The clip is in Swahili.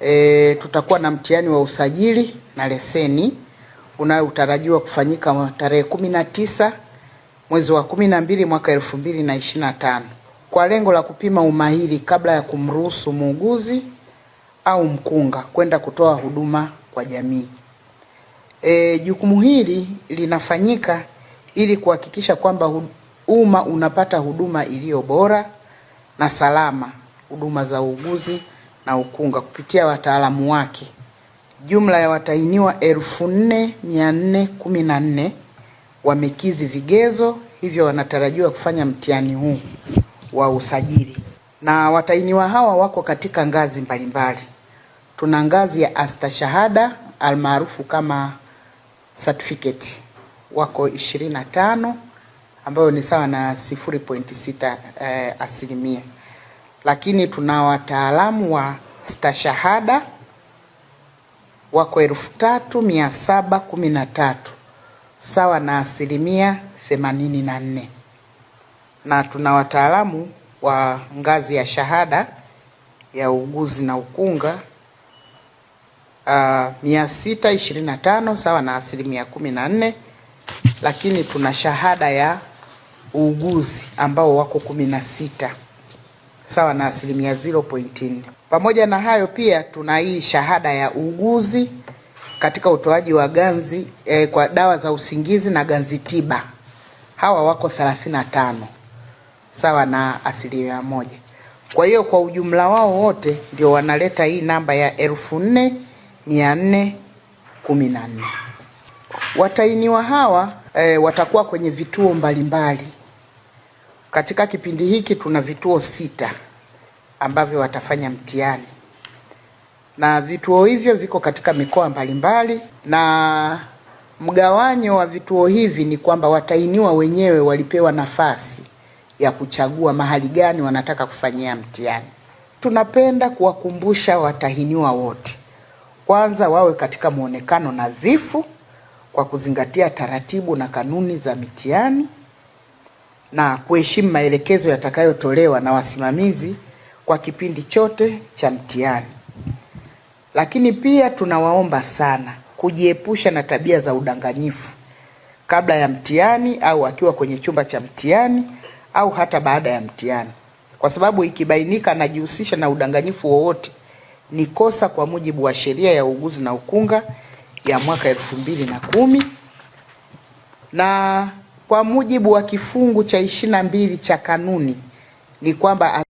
e, tutakuwa na mtihani wa usajili na leseni unaotarajiwa kufanyika tarehe kumi na tisa mwezi wa kumi na mbili mwaka elfu mbili na ishirini na tano kwa lengo la kupima umahiri kabla ya kumruhusu muuguzi au mkunga kwenda kutoa huduma kwa jamii. E, jukumu hili linafanyika ili kuhakikisha kwamba umma unapata huduma iliyo bora na salama, huduma za uuguzi na Ukunga kupitia wataalamu wake jumla ya watahiniwa elfu nne mia nne kumi na nne wamekidhi vigezo hivyo wanatarajiwa kufanya mtihani huu wa usajili, na watahiniwa hawa wako katika ngazi mbalimbali. Tuna ngazi ya astashahada almaarufu kama certificate, wako 25 ambayo ni sawa na 0.6 eh, asilimia lakini tuna wataalamu wa stashahada wako elfu tatu mia saba kumi na tatu sawa na asilimia themanini na nne na tuna wataalamu wa ngazi ya shahada ya uuguzi na ukunga uh, mia sita ishirini na tano sawa na asilimia kumi na nne lakini tuna shahada ya uuguzi ambao wako kumi na sita sawa na asilimia 0.4. Pamoja na hayo pia tuna hii shahada ya uuguzi katika utoaji wa ganzi eh, kwa dawa za usingizi na ganzi tiba. Hawa wako 35 sawa na asilimia moja. Kwa hiyo kwa ujumla wao wote ndio wanaleta hii namba ya 4414. Watainiwa hawa eh, watakuwa kwenye vituo mbalimbali mbali. Katika kipindi hiki tuna vituo sita ambavyo watafanya mtihani na vituo hivyo viko katika mikoa mbalimbali, na mgawanyo wa vituo hivi ni kwamba watahiniwa wenyewe walipewa nafasi ya kuchagua mahali gani wanataka kufanyia mtihani. Tunapenda kuwakumbusha watahiniwa wote, kwanza wawe katika muonekano nadhifu kwa kuzingatia taratibu na kanuni za mitihani na kuheshimu maelekezo yatakayotolewa na wasimamizi kwa kipindi chote cha mtihani. Lakini pia tunawaomba sana kujiepusha na tabia za udanganyifu kabla ya mtihani au akiwa kwenye chumba cha mtihani au hata baada ya mtihani, kwa sababu ikibainika anajihusisha na udanganyifu wowote ni kosa kwa mujibu wa sheria ya uuguzi na ukunga ya mwaka elfu mbili na kumi na kwa mujibu wa kifungu cha 22 cha kanuni ni kwamba